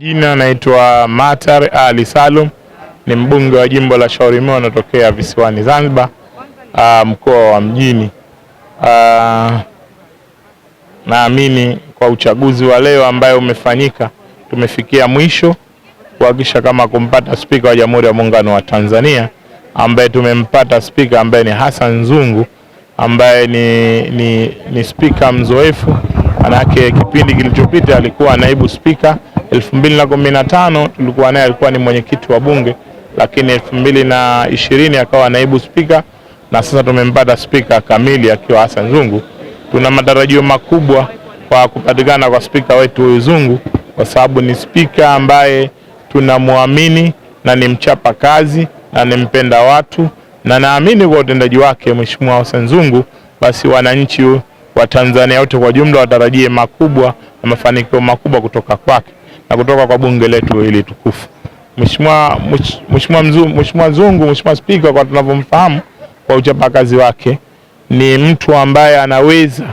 Majina naitwa Matar Ali Salum, ni mbunge wa jimbo la Shauri Moyo, anatokea visiwani Zanzibar, ah, mkoa wa Mjini. Ah, naamini kwa uchaguzi wa leo ambayo umefanyika, tumefikia mwisho kuhakikisha kama kumpata spika wa Jamhuri ya Muungano wa Tanzania, ambaye tumempata spika ambaye ni Hassan Zungu, ambaye ni, ni, ni spika mzoefu, manake kipindi kilichopita alikuwa naibu spika elfu mbili na kumi na tano tulikuwa naye, alikuwa ni mwenyekiti wa bunge, lakini elfu mbili na ishirini akawa naibu spika na sasa tumempata spika kamili akiwa Hassan Zungu. Tuna matarajio makubwa kwa kupatikana kwa spika wetu huyu Zungu, kwa sababu ni spika ambaye tunamwamini na ni mchapa kazi na ni mpenda watu, na naamini kwa utendaji wake Mheshimiwa Hassan Zungu, basi wananchi wa Tanzania wote kwa jumla watarajie makubwa na mafanikio makubwa kutoka kwake na kutoka kwa bunge letu hili tukufu. Mheshimiwa Mheshimiwa Zungu, Mheshimiwa Spika, kwa tunavyomfahamu kwa uchapakazi wake, ni mtu ambaye anaweza,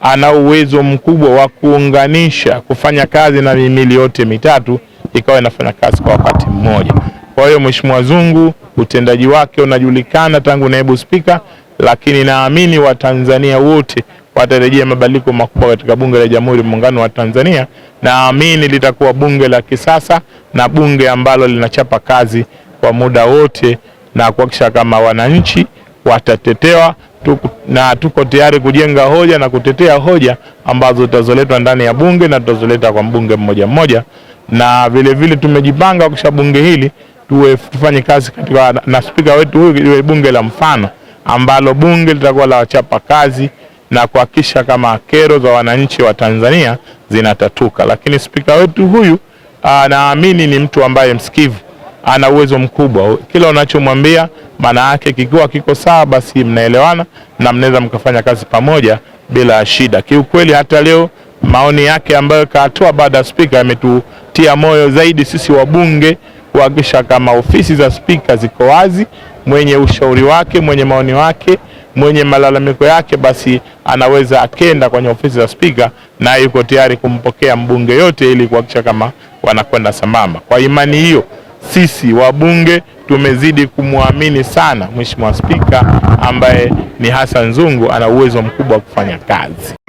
ana uwezo mkubwa wa kuunganisha, kufanya kazi na mihimili yote mitatu ikawa inafanya kazi kwa wakati mmoja. Kwa hiyo Mheshimiwa Zungu, utendaji wake unajulikana tangu naibu spika, lakini naamini Watanzania wote watarejea mabadiliko makubwa katika Bunge la Jamhuri ya Muungano wa Tanzania. Naamini litakuwa bunge la kisasa na bunge ambalo linachapa kazi kwa muda wote na kuhakikisha kama wananchi watatetewa tuku, na tuko tayari kujenga hoja na kutetea hoja ambazo zitazoletwa ndani ya bunge na tutazoleta kwa mbunge mmoja mmoja, na vilevile vile tumejipanga kisha bunge hili tuwe tufanye kazi katika na spika wetu huyu, bunge la mfano ambalo bunge litakuwa la wachapa kazi na kuhakikisha kama kero za wananchi wa Tanzania zinatatuka. Lakini spika wetu huyu anaamini ah, ni mtu ambaye msikivu, ana uwezo mkubwa. Kila unachomwambia maana yake kikiwa kiko sawa, basi mnaelewana na mnaweza mkafanya kazi pamoja bila shida. Kiukweli hata leo maoni yake ambayo kaatoa baada ya spika ametutia moyo zaidi sisi wabunge kuhakikisha kama ofisi za spika ziko wazi, mwenye ushauri wake, mwenye maoni wake mwenye malalamiko yake, basi anaweza akenda kwenye ofisi za spika, na yuko tayari kumpokea mbunge yote ili kuhakikisha kama wanakwenda sambamba. Kwa imani hiyo, sisi wabunge tumezidi kumwamini sana Mheshimiwa Spika ambaye ni Hassan Zungu, ana uwezo mkubwa wa kufanya kazi.